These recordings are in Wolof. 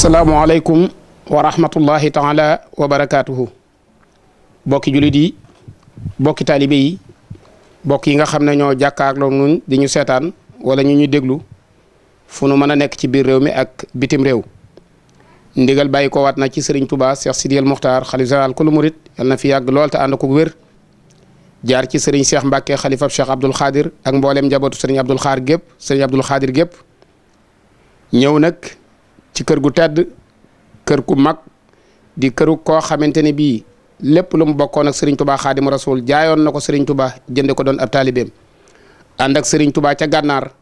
asalaamualeykum wa rahmatullahi taala wa barakaatuhu bokki jullit yi bokki taalibe yi bokk yi nga xam ne ñoo jàkkaarloo nun di ñu seetaan wala ñu ñu déglu fu nu mën a nekk ci biir réew mi ak bitim réew ndigal bàyyi ko waat na ci sëriñ Touba seex Sidiyal Muxtaar xalif général kulu murit yal na fi yàgg lool te ànd ko wér jaar ci sëriñ Cheikh Mbacke xalifab Cheikh Abdoul Khadir ak mbooleem njabootu sëriñ Abdoul Xaar gépp sëriñ Abdoul Xadir gépp ñëw nag ci kër gu tedd kër gu mag di këru koo xamante ne bii lépp lu mu bokkoon ak Serigne Touba Xaadim Rasul jaayoon na ko Serigne Touba jënde ko doon ab taalibeem ànd ak sëriñ Touba ca gànnaar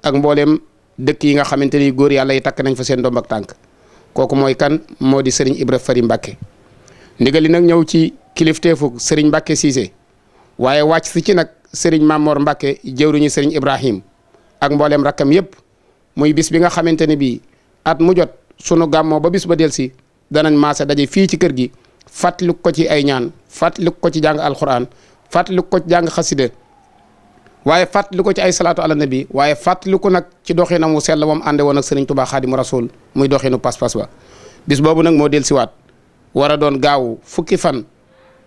ak mbooleem dëkk yi nga xamante ni góor yàlla yi takk nañ fa seen ndomb ak tànk kooku mooy kan moo di sëriñ Ibra Fari Mbacke ndigal li nag ñëw ci kilifteefu Serigne Mbacke Cissé waaye wàcc si ci nag Serigne Mamor Mbacke jëwriñu Serigne Ibrahim ak mbooleem rakkam yépp muy bis bi nga xamante bii. at mu jot sunu gàmmoo ba bis ba delsi danañ maase daje fii ci kër gi fàttaliku ko ci ay ñaan fàttaliku ko ci jàng alxuraan fàttaliku ko ci jàng xasida waaye fàttaliku ko ci ay salaatu ala nabi waaye fàttaliku nag ci doxinam wu sell moom ànde woon ak sëriñ Tuubaa Xaadimu Rasuul muy doxinu pas-pas ba bis boobu nag moo dellusiwaat war a doon gaawu fukki fan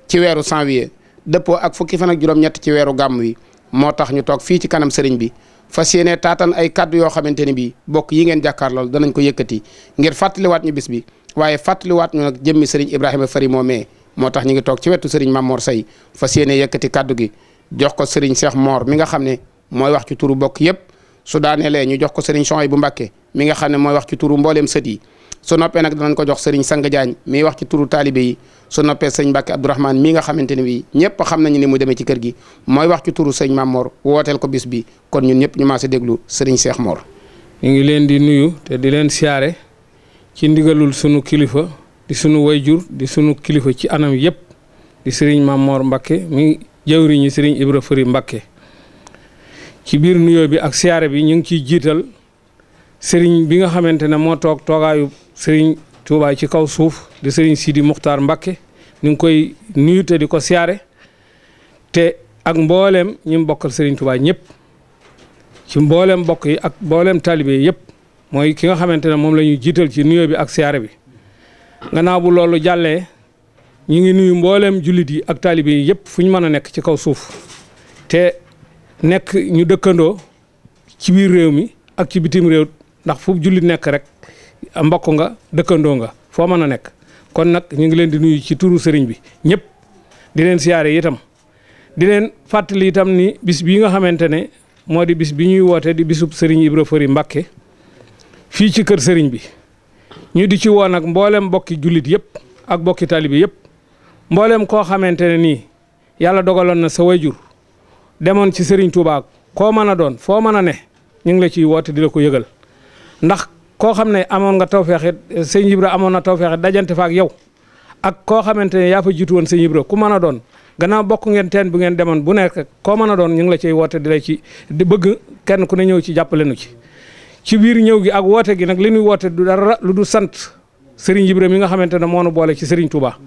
ci weeru janvier dëppoo ak fukki fan ak juróom-ñett ci weeru gàmm wi moo tax ñu toog fii ci kanam sëriñ bi fas yéene taatan ay kàddu yoo xamante ni bii bokk yi ngeen jàkkaar lool danañ ko yëkkati ngir fàttaliwaat ñu bis bi waaye fàttaliwaat ñu nag jëmmi sëriñ Ibrahima Fari moomee moo tax ñu ngi toog ci wetu sëriñ Mamor Say fa yéene yëkkati kàddu gi jox ko sëriñ Cheikh Mor mi nga xam ne mooy wax ci turu bokk yëpp su daanelee ñu jox ko sëriñ Chouaïb bu Mbàkke mi nga xam ne mooy wax ci turu mbooleem sët yi su noppee nag danañ ko jox sëriñ Sang Jaañ miy wax ci turu taalibe yi su noppee sëñ Mbàkke Abdourahmane mii nga xamante ne bii ñëpp xam nañu ni mu demee ci kër gi mooy wax ci turu sëñ Maam wooteel ko bis bi kon ñun ñëpp ñu maase déglu sëriñ seex moor ñu ngi leen di nuyu te di leen siyaare ci ndigalul sunu kilifa di sunu wayjur di sunu kilifa ci anam yëpp di sëriñ Maam Mor Mbàkke mi sëriñ Ibra Fëri Mbàkke ci biir nuyoo bi ak siyaare bi ñu ngi ciy jiital sëriñ bi nga xamante ne moo toog toogaayu sëriñ Touba ci kaw suuf di sëriñ Sidi Muxtaar Mbakke ñu ngi koy nuyu di ko siyaare te ak mbooleem ñi mu bokkal sëriñ Touba ñëpp ci mbooleem bokk yi ak mbooleem talibe yëpp mooy ki nga xamante ne moom lañuy jiital ci nuyoo bi ak siyaare bi gannaaw bu loolu jàllee ñu ngi nuyu mbooleem jullit yi ak talibe yi yëpp fu ñu mën a nekk ci kaw suuf te nekk ñu dëkkandoo ci biir réew mi ak ci bitim réew ndax fu jullit nekk rek. a mbokk nga dëkkandoo nga foo mën a nekk kon nag ñu ngi leen di nuyu ci turu sëriñ bi ñëpp di leen siyaare itam di leen fàttali itam ni bis bii nga xamante ne moo di bis bi ñuy woote di bisub sëriñ Ibra Fari Mbàkke fii ci kër sëriñ bi ñu di ci woon nag mbooleem mbokki jullit yëpp ak mbokki taalibe yëpp mbooleem koo xamante ne nii yàlla dogaloon na sa wayjur demoon ci sëriñ Touba koo mën a doon foo mën a ne ñu ngi la ciy woote di la ko yëgal ndax koo xam ne amoon nga tawfeex it sëñ Ibra amoon na tawfeex dajante fa ak yow ak koo xamante ne yaa fa jiitu woon sëñ Ibra ku mën a doon gannaaw bokk ngeen teen bu ngeen demoon bu nekk koo mën a doon ñu ngi la cey woote di la ci di bëgg kenn ku ne ñëw ci jàppale nu ci. ci biir ñëw gi ak woote gi nag li ñuy woote du dara lu du sant Serigne Ibra mi nga xamante ne moo nu boole ci Serigne Touba.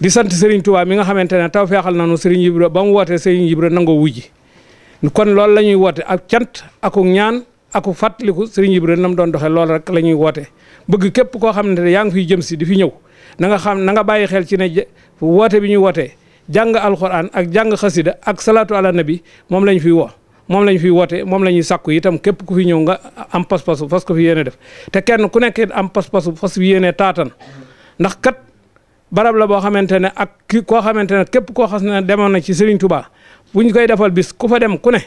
di sant Serigne Touba mi nga xamante ne tawfeexal nañu Serigne Ibra ba mu wootee Serigne Ibra nangoo wujji kon loolu la ñuy ak cant ak ñaan. aku fàttaliku Serigne Ibrahima na mu doon doxee loolu rek la ñuy woote bëgg képp koo xam ne yaa ngi fiy jëm si di fi ñëw na nga xam nanga bàyyi xel ci ne woote bi ñuy wootee jàng alxuraan ak jàng xasida ak salaatu ala nabi moom lañu fiy woo moom lañ fiy woote moom la ñuy sàkku itam képp ku fi ñëw nga am pas-pasu fas ko fi yéene def te kenn ku nekk am pas-pasu fas fi yéene taatan ndax kat barab la boo xamante ne ak kii koo xamante ne képp koo xas ne demoon na ci Serigne Touba bu ñu koy defal bis ku fa dem ku ne.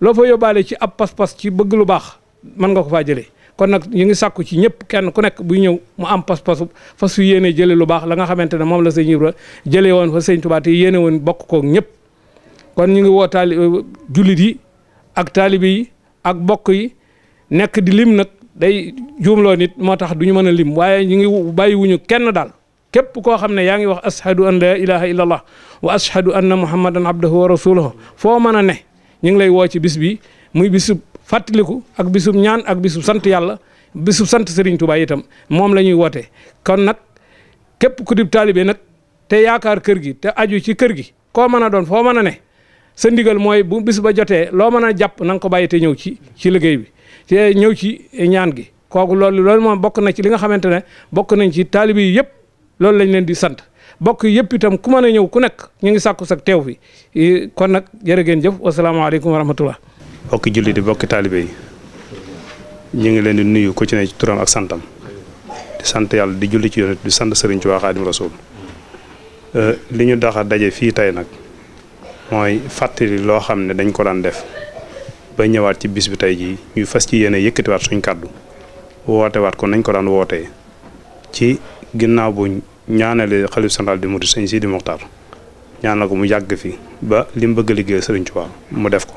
loo fa yóbbaale ci ab pas-pas ci bëgg lu baax mën nga ko faa jëlee kon nag ñu ngi sàkku ci ñëpp kenn ku nekk buy ñëw mu am pas-pasu fas yu yéene jëlee lu baax la nga xamante ne moom la sëñ Ibra jëlee woon fa sëñ Tuubaa te yéene woon bokk koog ñëpp kon ñu ngi woo taali euh, jullit yi ak taalibe yi ak bokk yi nekk di lim nag day juumloo nit moo tax du ñu mën a lim waaye ñu ngi bàyyiwuñu kenn daal képp koo xam ne yaa ngi wax ashadu an la ilaha illa allah wa ashadu anna muhammadan abdahu wa foo mën a ne ñu ngi lay woo ci bis bi muy bisub fàttaliku ak bisub ñaan ak bisub sant yàlla bisub sant Serigne Touba itam moom la ñuy woote kon nag képp ku dib taalibe nag te yaakaar kër gi te aju ci kër gi koo mën a doon foo mën a ne sa ndigal mooy bu bis ba jotee loo mën a jàpp na ko bàyyi te ñëw ci ci liggéey bi te ñëw ci ñaan gi kooku loolu loolu moom bokk na ci li nga xamante ne bokk nañ ci taalibe yi yëpp loolu lañ leen di sant bokk yëpp itam ku mën a ñëw ku nekk ñu ngi sàkku sag teew fi kon nag jërë ngeen jëf wasalaamaaleykum wa rahmatullah bokki julli di bokki taalibe yi ñu ngi leen di nuyu ku ci ne ci turam ak santam di sant yàlla di julli ci yonent di sant sëriñ waa Xaadimu Rasuul euh, li ñu daxa daje fii tey nag mooy fàttali loo xam ne dañ ko daan def ba ñëwaat ci bis bi tey jii ñuy fas ci yéene yëkkatiwaat suñ kàddu wootewaat ko nañ ko daan wootee ci ginnaaw buñ ñaanale xalif central di murid sëñ Sidi Mokhtar ñaanal ko mu yàgg fi ba li mu bëgg a liggéey sëriñ Tuubaa mu def ko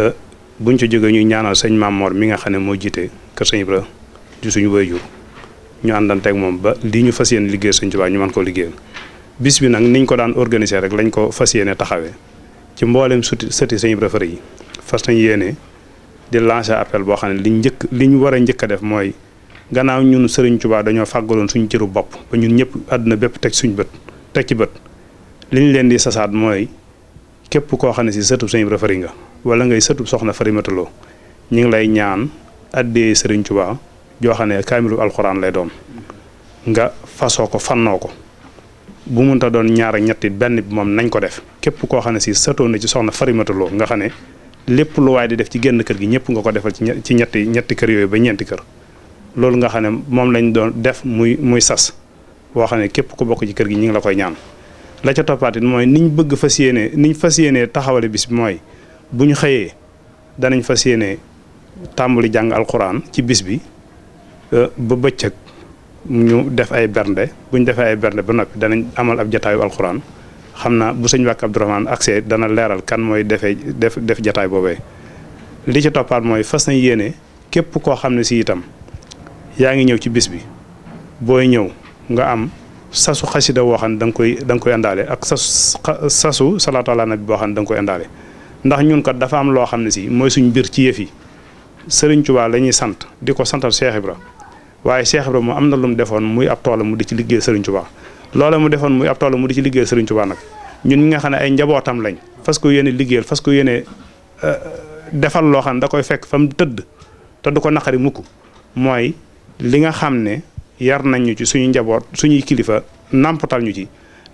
eh, buñ ci jógee ñuy ñaanal sëñ Maam mi nga xam ne moo jiite kër sëñ Ibra di suñu waajur ñu teg moom ba lii ñu fas yéene liggéey sëñ Tuubaa ñu man koo liggéeyal bis bi nag niñ ko daan organiser rek lañ ko fas yéene taxawee ci mboolem suti sëti sëñ Ibra Faal yi fas sëñ yéene di lancer appel boo xam ne li njëkk liñ war a njëkk a def mooy gannaaw ñun Serigne Touba dañoo fàggaloon suñu cëru bopp ba ñun ñëpp àdduna bépp teg suñu bët teg ci bët li ñu leen di sasaat mooy képp koo xam ne si sëtub Sëñ Ibra Fari nga wala ngay sëtub soxna Farimata Lo ñu ngi lay ñaan addee Serigne Touba joo xam ne kaamilu alxuraan lay doon nga fasoo ko fannoo ko bu munta doon ñaar ñetti benn bi moom nañ ko def képp koo xam ne si sëtoo na ci soxna Farimata Lo nga xam ne lépp lu waay di def ci génn kër gi ñëpp nga ko defal ci ñetti ñetti kër yooyu ba ñeenti kër loolu nga xam ne moom lañ doon def muy muy sas boo xam ne képp ku bokk ci kër gi ñu ngi la koy ñaan la ca toppaat it mooy niñ bëgg fas yéenee niñ fas yéenee taxawale bis mooy bu ñu xëyee danañ fas yéenee tàmbali jàng alxuraan ci bis bi euh, ba bëccëg ñu def ay bernde bu ñu defee ay bernde ba noppi danañ amal ab jataayu alxuraan xam naa bu sëñ Mbàkke Abdourahmane accès dana leeral kan mooy defee def def jataay boobee li ci toppaat mooy fas nañ yéene képp koo xam ne si itam. yaa ngi ñëw ci bis bi booy ñëw nga am sasu xasida woo xam ne da nga koy da koy indaale ak sasu sasu salaatu ala nabi boo xam ne da nga koy indaale ndax ñun kat dafa am loo xam ne si mooy suñ mbir ci yëf yi Sëriñ Tuubaa la ñuy sant di ko santal Cheikh Ibra waaye Cheikh Ibra moom am na lu mu defoon muy ab toolam mu di ci liggéey Sëriñ Tuubaa loola mu defoon muy ab toolam mu di ci liggéey Sëriñ Tuubaa nag ñun nga xam ne ay njabootam lañ fas ko yéene liggéeyal fas ko yéene euh, defal loo xam ne da koy fekk fa tëdd te du ko naqari mukk mooy li nga xam ne yar nañu ci suñu njaboot suñuy kilifa nàmpatal ñu ci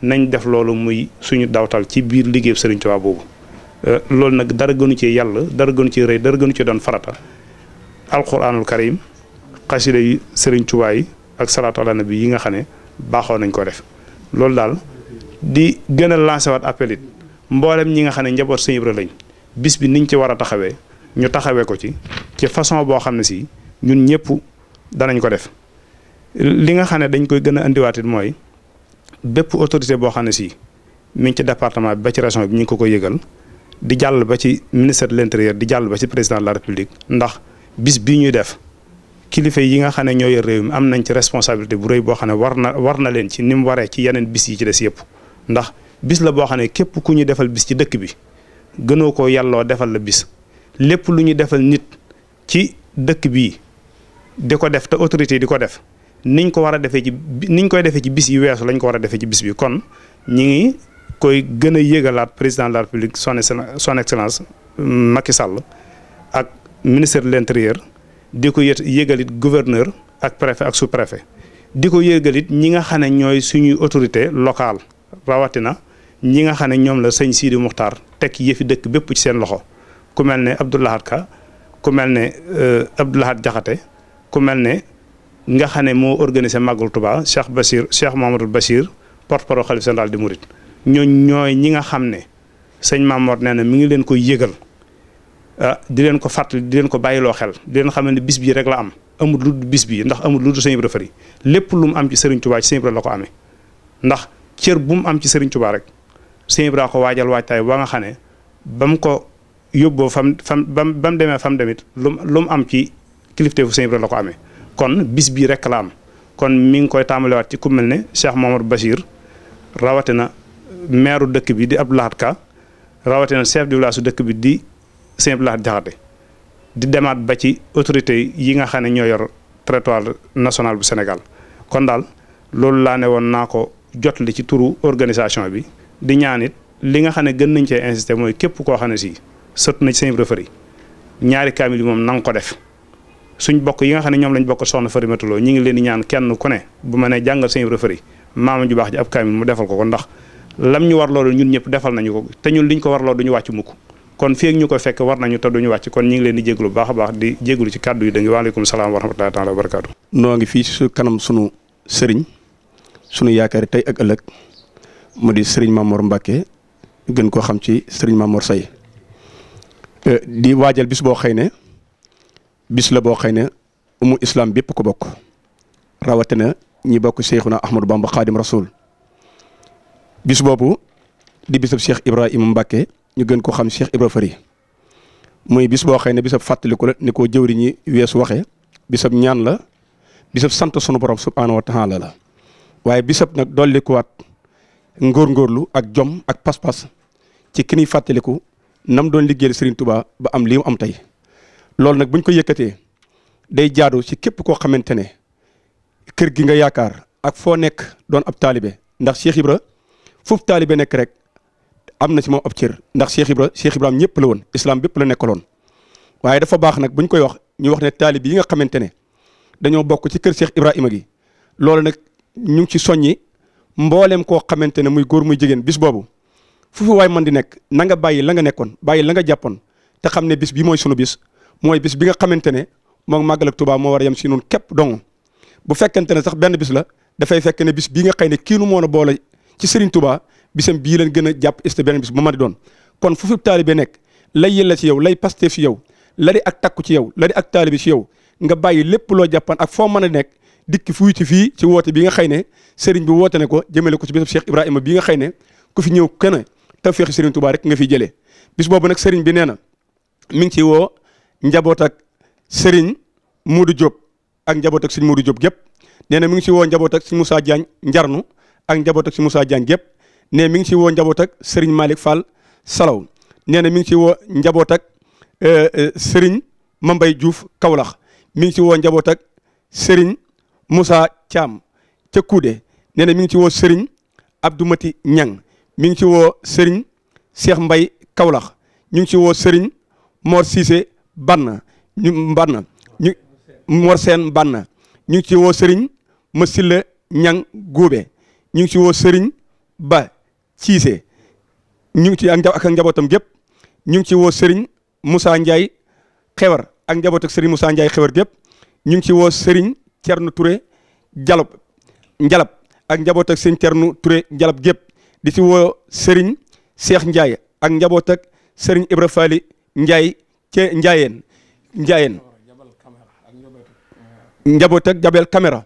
nañ def loolu muy suñu dawtal ci biir liggéeyu Serigne Touba boobu euh, loolu nag dara gënu ci yàlla dara gënu ci rëy dara gënu ci doon farata alquranul karim xasida yi Serigne ak salaatu ala nabi yi nga xam ne baaxoo nañ ko def loolu daal di gën a lancé waat appel mboolem ñi nga xam ne njaboot Sëñ Ibra lañ bis bi niñ ci war a taxawee ñu taxawee ko ci ci façon boo xam ne si ñun danañ ko def li nga xam ne dañ koy gën a indiwaatit mooy bépp autorité boo xam ne si mi ngi ci département bi ba ci région bi ñu ngi ko koy yëgal di jàll ba ci ministère de l'intérieur di jàll ba ci président de la république ndax bis bii ñuy def kilifa yi nga xam ne ñoo yor réew mi am nañ ci responsabilité bu rëy boo xam ne war na war na leen ci ni mu waree ci yeneen bis yi ci des yëpp ndax bis la boo xam ne képp ku ñu defal bis ci dëkk bi gënoo ko yàlloo defal la bis lépp lu ñu defal nit ci dëkk bii di ko def te autorité di ko def niñ ko war a defee ci niñ koy defee ci bis yi weesu lañ ko war a defee ci bis bi kon ñi ngi koy gën a yëgalaat président de la république son son excellence mm, Macky Sall ak ministre de l'intérieur di ko yët yëgalit gouverneur ak préfet ak sous préfet di ko yégalit ñi nga xam ne ñooy suñuy autorité locale rawatina ñi nga xam ne ñoom la sëñ Sidi Muxtaar teg yëfi dëkk bépp ci seen loxo ku mel ne Abdoulahat Ka ku mel ne euh, Abdoulahat Jaxate ku mel ne nga xam ne moo organisé màggal Touba Cheikh Bachir Cheikh Mamadou Bachir porte-parole xalif général des mourides ñooñ ñooy ñi nga xam ne sëñ Mamor nee na mi ngi leen koy yëgal ah di leen ko fàttali di leen ko bàyyiloo xel di leen xam ne bis bii rek la am amul lu bis bii ndax amul lu dul sëñ Ibra Fari lépp lu mu am ci Serigne Touba ci sëñ Ibra la ko amee ndax cër bu mu am ci Serigne rek sëñ Ibra ko waajal waajtaay ba nga xam ne ba mu ko yóbboo fam fam ba mu demee fam demit lu mu am ci. kilifteefu Sëñ Ibra la ko amee kon bis bii rek la am kon mi ngi koy tàmbaliwaat ci ku mel ne Cheikh Mamadou Bachir rawatina maire dëkk bi di Abdou Lahad Ka rawatina chef de village dëkk bi di Sëñ Abdou Lahad Jaxate di demaat ba ci autorité yi nga xam ne ñoo yor territoire national bu Sénégal kon daal loolu laa ne woon naa ko jot li ci turu organisation bi di ñaanit li nga xam ne gën nañ cee insister mooy képp koo xam ne si sët na ci seen referi ñaari kaamil yi moom na nga ko def suñ bokk yi nga xam ne ñoom lañ bokk soxna Fary Matuloo ñu ngi leen ñaan kenn ku ne bu ma nee jàngal sëñ Ibra Fary maama ju baax ji ab kaamil mu defal ko ko ndax lam ñu war loolu ñun ñëpp defal nañu ko te ñun liñ ko war loolu duñu wàcc mukk kon fii ak ñu ko fekk war nañu te duñu wàcc kon ñu ngi leen di baax a baax di jéglu ci kàddu yi da ngi waaleykum salaam wa rahmatullahi taala wa barakaatu noo ngi fii su kanam sunu sëriñ sunu yaakaari tey ak ëllëg di sëriñ Mamour Mbacke gën koo xam ci sëriñ Mamour Say eh, di waajal bis boo xëy ne bis la boo xëy ne umu islaam bépp ko bokk rawatina ñi bokk na Ahmadou Bamba Xaadim Rasul bis boobu di bisab Cheikh Ibrahima Mbacke ñu gën ko xam Cheikh Ibra Fari muy bis boo xëy ne bisab fàttaliku la ni ko jëwriñ ñi weesu waxee bisab ñaan la bisab sant sunu borom subhaanahu wa taala la waaye bisab nag dollikuwaat ngóorngóorlu ak jom ak pas-pas ci ki ñuy fàttaliku nam doon liggéeyal Serigne tubaa ba am lii mu am tey. loolu nag bu ñu ko yëkkatee day jaadu ci képp koo xamante ne kër gi nga yaakaar ak foo nekk doon ab taalibe ndax Cheikh Ibra foofu taalibe nekk rek am na ci moom ab cër ndax Cheikh Ibra Cheikh Ibrahima ñëpp la woon islam bépp la nekkaloon waaye dafa baax nag bu ñu koy wax ñu wax ne taalib yi nga xamante ne dañoo bokk ci kër Cheikh Ibrahima gi loolu nag ñu ngi ci soññi mboolem koo xamante ne muy góor muy jigéen bis boobu fu fu waay mën di nekk na nga bàyyi la nga nekkoon bàyyi la nga jàppoon te xam ne bis bi mooy sunu bis mooy bis bi nga xamante ne moom màggal ak tubaa moo war a yem si noonu képp dong bu fekkente ne sax benn bis la dafay fekk ne bis bii nga xëy ne kii nu moo la boole ci Serigne tubaa bisam bii leen gën a jàpp est beneen bis bu ma di doon kon fu fi nekk lay yella ci yow lay Pastef ci yow la di ak takku ci yow la di ak taalibe ci yow nga bàyyi lépp loo jàppan ak foo mën a nekk dikki fuy ci fii ci woote bi nga xëy ne Serigne bi woote ne ko jëmale ko ci bisab Cheikh Ibrahima bi nga xëy ne ku fi ñëw kenn tawfeexi Serigne tubaa rek nga fiy jëlee bis boobu nag Serigne bi nee na mi ngi ciy woo njaboot ak Serigne Modou Diop ak njaboot ak Serigne Modou Diop gépp nee na mi ngi si woo njaboot ak Serigne Moussa Diagne njarnu ak njaboot ak Serigne Moussa Diagne gépp nee mi ngi si woo njaboot ak Serigne Malick Fall Salaw nee na mi ngi si woo njaboot ak euh, euh, Serigne Mambay Diouf Kaolack mi ngi si woo njaboot ak Serigne Moussa Thiam ca Kuude mi ngi si woo Serigne Abdou Mati Ñang mi ngi si woo Serigne Cheikh Mbay Kaolack ñu ngi si woo Serigne Mor banna ñu mbann ñu seen bann ñu ci woo sëriñ ma silla ñang guube ñu ngi ci woo sëriñ ba ciise ñu ngi ci ak ak njabootam gépp ñu ngi ci woo sëriñ Moussa Ndiaye xewar ak njaboot ak sëriñ Moussa Ndiaye xewar gépp ñu ngi ci woo sëriñ Thierno Touré Jalop Njalab ak njaboot ak sëriñ Thierno Touré Jalab gépp di ci woo sëriñ Cheikh Ndiaye ak njaboot ak sëriñ Ibra Fali Ndiaye ca Njaayeen Njaayeen njaboot ak jabel caméra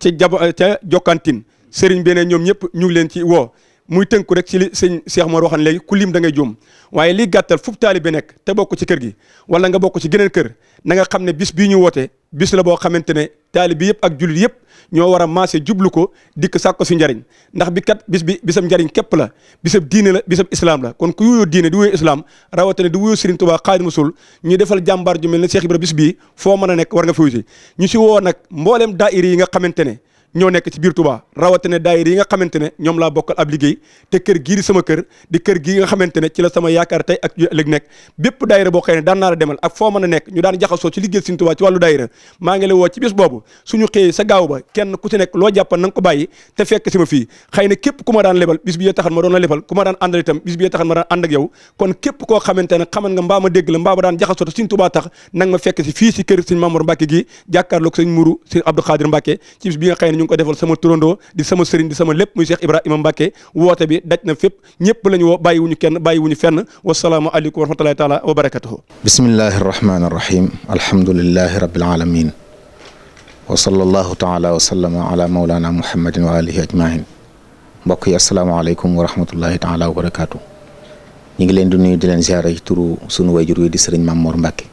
ci jabo ca jokkantin sëriñ bi ñoom ñëpp ñu ngi leen ci woo muy tënku rek ci li sëñ Cheikh Mor waxan léegi ku lim da ngay juum waaye li gàttal fuf taalibe nekk te bokk ci kër gi wala nga bokk ci geneen kër na nga xam ne bis bii ñu woote bis la boo xamante ne taalibe yëpp ak jullit yëpp ñoo war a maase jublu ko dikk sàkko si njariñ ndax bi kat bis bi bisam njariñ képp la bisab diine la bisab islam la kon ku yuyoo diine di wuyoo islam rawatina di wuyoo Serigne Touba Xaadimu Rasuul ñu defal jàmbaar ju mel ne Cheikh Ibra bis bii foo mën a nekk war nga fi ñu si woo nag mbooleem daayira yi nga xamante ne ñoo nekk ci biir Touba rawatina daayira yi nga xamante ne ñoom laa bokkal ab liggéey te kër gii di sama kër di kër gii nga xamante ne ci la sama yaakaar tey ak léeg nekk bépp daayira boo xëy ne daan naa a demal ak foo mën a nekk ñu daan jaxasoo ci liggéey Sëriñ Touba ci wàllu daayira maa ngi la woo ci bis boobu suñu xëyee sa gaaw ba kenn ku si nekk loo jàppan na ko bàyyi te fekk si ma fii xëy na képp ku ma daan lebal bis bi yee taxan ma doon la lebal ku ma daan àndal koo xamante ne xaman nga mbaa ma dégg la mbaa ma daan jaxasoo tax nang ma fekk si si kër Sëriñ Mamour Mbacke gi jàkkaarloog xëy ne ngi ko defal sama turandoo di sama sëriñ di sama lépp muy Cheikh Ibrahima Mbacke woote bi daj na fépp ñëpp la woo bàyyi kenn bàyyi fenn wasalaamu aleykum wa rahmatullahi taala wa barakatuhu bismillahi arrahmani arrahim alamin wa sallallahu wa mbokk yi asalaamaaleykum wa rahmatullahi ñu ngi leen di nuyu di leen ziara ci turu sunu wayjur di sëriñ Mamour Mbacke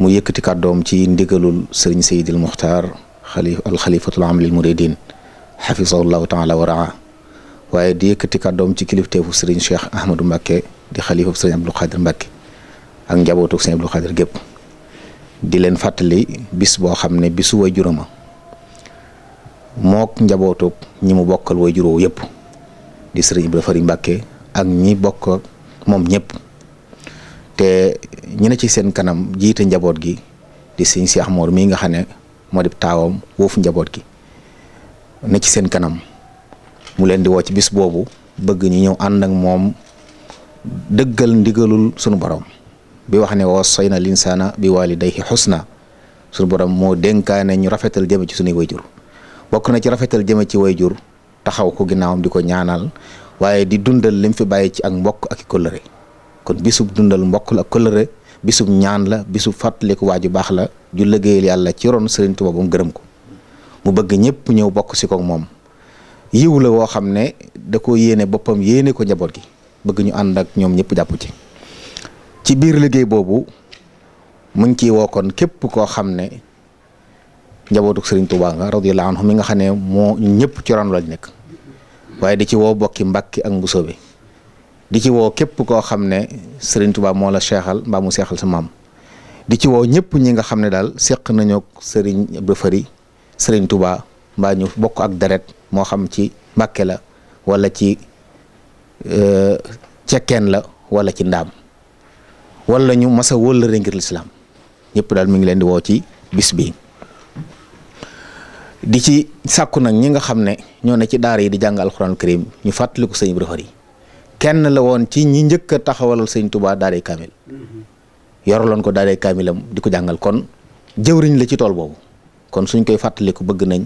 mu yëkkati kàddoom ci ndigalul sëriñ Seydil Muxtaar xalif alxalifatul amlil muridin xafisahullahu taala wa raa waaye di yëkkati doom ci kilifteefu sëriñ Cheikh Ahmadou Mbacke di xalifa sëriñ Abdou Khadir Mbacke ak njabootu sëriñ Abdou Khadir leen fàttali bis boo xam ne bisu way jurama mook ñi mu bokkal way juróo yëpp di sëriñ Ibra Fari Mbacke ak ñi bokk moom ñëpp te ñi ci seen kanam jiite njaboot gi di sëriñ Cheikh Mor mii nga xam ne moo di taawam woofu njaboot gi ne ci seen kanam mu leen di woo ci bis boobu bëgg ñu ñëw ànd ak moom dëggal ndigalul sunu borom bi wax ne woo soy na linsaana bi waalidayhi xusna sunu borom moo dénkaane ñu rafetal jëme ci sunuy wayjur bokk na ci rafetal jëme ci wayjur taxaw ko ginnaawam di ko ñaanal waaye di dundal lim fi bàyyi ci ak mbokk ak kóllëre kon bisub dundal mbokk la ak kóllëre bisub ñaan la bisub fàttaliku waaju baax la ju liggéeyal yàlla ci ron Serigne Touba ba mu gërëm ko mu bëgg ñëpp ñëw bokk si ko moom yiw la woo xam ne da ko yéene boppam yéene ko njaboot gi bëgg ñu ànd ak ñoom ñëpp jàpp ci ci biir liggéey boobu mu ngi ciy woo kon képp koo xam ne njabootu Serigne Touba nga radiyallahu mi nga xam ne moo ñëpp ci ron lañ nekk waaye di ci woo bokki Mbàkke ak bi di ci woo képp koo xam ne Serigne Touba moo la seexal mbaa mu seexal sa maam. di ci woo ñëpp ñi nga xam ne daal seq nañoo sëriñ Ibra Fari sëriñ tubaa mbaa ñu bokk ak deret moo xam ci mbakke la walla ci euh, cekkeen la wala ci ndaam wala ñu masa wóllëre ngir lislaam ñëpp daal mu ngi leen di woo ci bis bi di ci sàkku nag ñi nga xam ne ñoo ne ci daara yi di jàng alxuraan karim ñu fàttaliku sëñ Ibra Fari kenn la woon ci ñi njëkk taxawalal sëñ tubaa daara yi kaamil mm-hmm. yoraloon ko daaree kaamilam di ko jàngal kon jëwriñ la ci tool boobu kon suñ koy fàttaliku bëgg nañ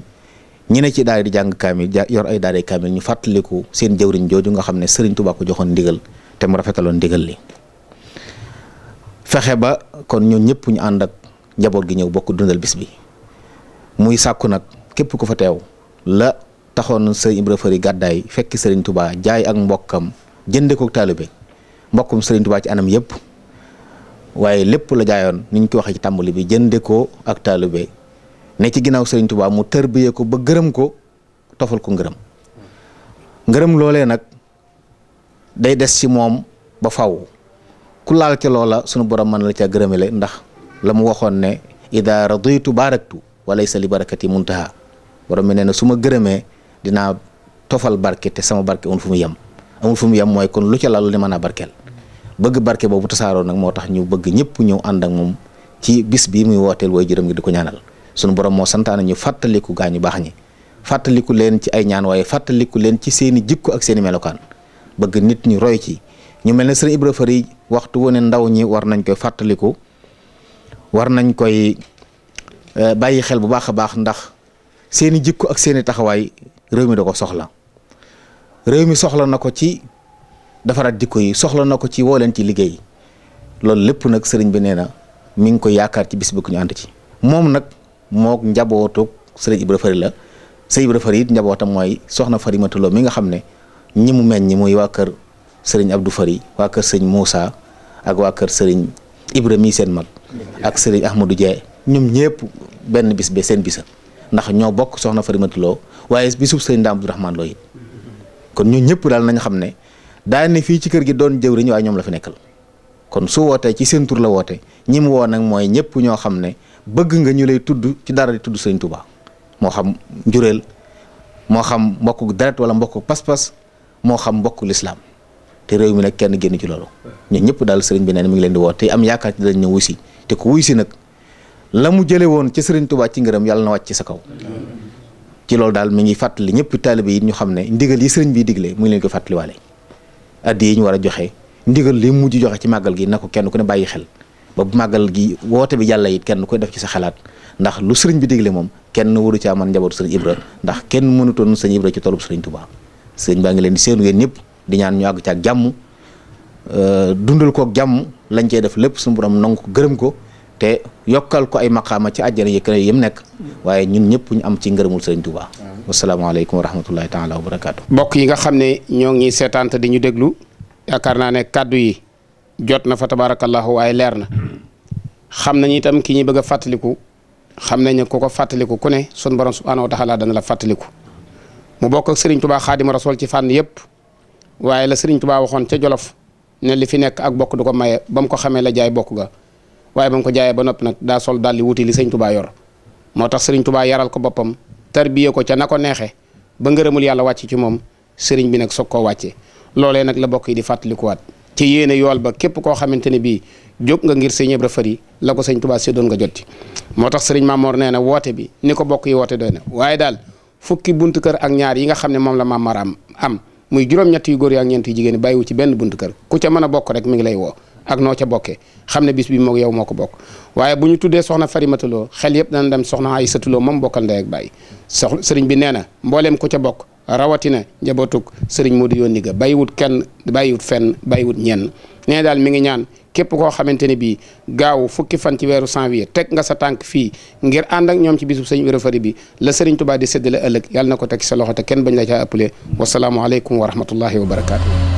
ñi ne ci daara di jàng kaamil yor ay daara kaamil ñu fàttaliku seen jëwriñ jooju nga xam ne Serigne Touba ko joxoon ndigal te mu rafetaloon ndigal li fexe ba kon ñun ñëpp ñu ànd ak njaboot gi ñëw bokk dundal bis bi muy sàkku nag képp ku fa teew la taxoon Serigne Ibra Fari gàddaay fekki Serigne Touba jaay ak mbokkam jënde ko taalibe mbokkum Serigne Touba ci anam yëpp. waaye lépp la jaayoon ni ñu ko waxee ci tàmbali bi jënde ko ak be ne ci ginnaaw Serigne Touba mu tërbiyee ko ba gërëm ko tofal ko ngërëm ngërëm loolee nag day des ci moom ba faw ku laal ca loola sunu borom mën la caa gërëmale ndax la mu waxoon ne ida tu baraktu walaysa li baraket yi borom mi nee na su ma gërëmee dinaa tofal barke te sama barke amul fu mu yem amul fu mu yem mooy kon lu ca lal ne mën a barkeel bëgg barke boobu tasaaroo nag moo tax ñu bëgg ñëpp ñëw ànd ak moom ci bis bii muy wooteel way jërëm gi di ko ñaanal sunu borom moo santaana ñu fàttaliku gaa ñu baax ñi fàttaliku leen ci ay ñaan waaye fàttaliku leen ci seeni jikko ak seeni melokaan bëgg nit ñi roy ci ñu mel ne sëriñ Ibra Fari waxtu wu ne ndaw ñi war nañ koy fàttaliku war nañ koy eh, bàyyi xel bu baax a baax ndax seeni jikko ak seeni taxawaay réew mi da ko soxla réew mi soxla na defaraat jikko yi soxla na ko ci woo leen ci liggéey loolu lépp nag sëriñ bi nee na mi ngi ko yaakaar ci bis bu ñu ànd ci moom nag moo njabootu sëriñ Ibra Fari la sëriñ Ibra Fari it njabootam mooy soxna Fari Matuloo mi nga xam ne ñi mu meññ muy waa kër sëriñ Abdou Fari waa kër sëriñ Moussa ak waa kër sëriñ Ibra mii seen mag ak sëriñ Ahmadou Dieng ñoom ñëpp benn bis bi seen bisa ndax ñoo bokk soxna Fari Matuloo waaye bisub sëriñ Daam Abdourahmane Lo it kon ñoo ñëpp daal nañ xam ne daa ne fii ci kër gi doon jëwriñ waaye ñoom la fi nekkal kon su wootee ci seen tur la woote ñi mu woo nag mooy ñëpp ñoo xam ne bëgg nga ñu lay tudd ci dara di tudd sëñ Touba moo xam njureel moo xam mbokk deret wala mbokk pas-pas moo xam mbokk lislaam te réew mi nag kenn génn ci loolu ñun ñëpp daal sëriñ bi neen mi ngi leen di woo te am yaakaar ci dañ ñëw wuy si te ku wuy si nag la mu jële woon ci sëriñ Touba ci ngërëm yàlla na wàcc ci sa kaw ci loolu daal mi ngi fàttali ñëpp taalibe yi ñu xam ne ndigal yi sëriñ bi digle mu ngi leen ko fàttaliwaale addi yi ñu war a joxe ndigal li mujj joxe ci màggal gi na ko kenn ku ne bàyyi xel ba màggal gi woote bi yàlla it kenn koy def ci sa xalaat ndax lu sëriñ bi dégle moom kenn waru caa mën njabootu sëriñ Ibra ndax kenn mënutoon sëriñ Ibra ci toolub sëriñ Tuubaa sëriñ baa ngi leen di séenu yéen ñëpp di ñaan ñu àgg ci ak jàmm euh, dundal kook jàmm lañ cee def lépp suñu borom nangu ko gërëm ko te yokkal ko ay maqaama ci àjjana yëkkana yëm nekk waaye ñun ñëpp ñu am ci ngërëmul sëriñ Tuubaa wasalaamaaleykum wa rahmatullahi taala wa barakaatu mbokk yi nga xam ne ñoo ngi seetaante di ñu déglu yaakaar naa ne kàddu yi jot na fa tabarakallahu waaye leer na xam nañu itam ki ñu bëgg a fàttaliku xam nañu ko ko fàttaliku ku ne sun borom subhaanahu wa taala dana la fàttaliku mu bokk ak sëriñ Tuubaa xaadima sol ci fànn yëpp waaye la sëriñ Tuubaa waxoon ca Jolof ne li fi nekk ak bokk du ko maye ba mu ko xamee la jaay bokk ga waaye ba mu ko jaayee ba noppi nag daa sol daal di wuti li sëñ tubaa yor moo tax sëriñ tubaa yaral ko boppam tarbiye ko ca na ko neexe ba ngërëmul yàlla wàcc ci moom sëriñ bi nag soog koo wàcce loole nag la bokk yi di fàttalikuwaat ci yéene yool ba képp koo xamante ne bii jóg nga ngir sëñ Ibra yi la ko sëñ tubaa seddoon nga jot ci moo tax sëriñ Mamor nee na woote bi ni ko bokk yi woote doy na waaye daal fukki buntu kër ak ñaar yi nga xam ne moom la Mamor am muy juróom-ñett góor yi ñeent yu jigéen bàyyiwu ci benn buntu ku ca mën a bokk rek mi ngi lay woo ak noo ca bokkee xam ne bis bi moog yow moo ko bokk waaye bu ñu tuddee soxna fari matuloo xel yëpp dana dem soxna Aysatu Lo moom bokkal ndey ak bàyyi sox sëriñ bi nee na mbooleem ku ca bokk rawatina njabootug sëriñ di Yónni ga bàyyiwut kenn bàyyiwut fenn bàyyiwut ñenn nee daal mi ngi ñaan képp koo xamante ne bii gaaw fukki fan ci weeru janvier teg nga sa tànk fii ngir ànd ak ñoom ci bisub sëñ Ibra Fari bi la sëriñ Tuubaa di séddale ëllëg yàlla na ko teg sa loxo te kenn bañ la caa ëppale wasalaamualeykum wa rahmatullahi wa barakaatu.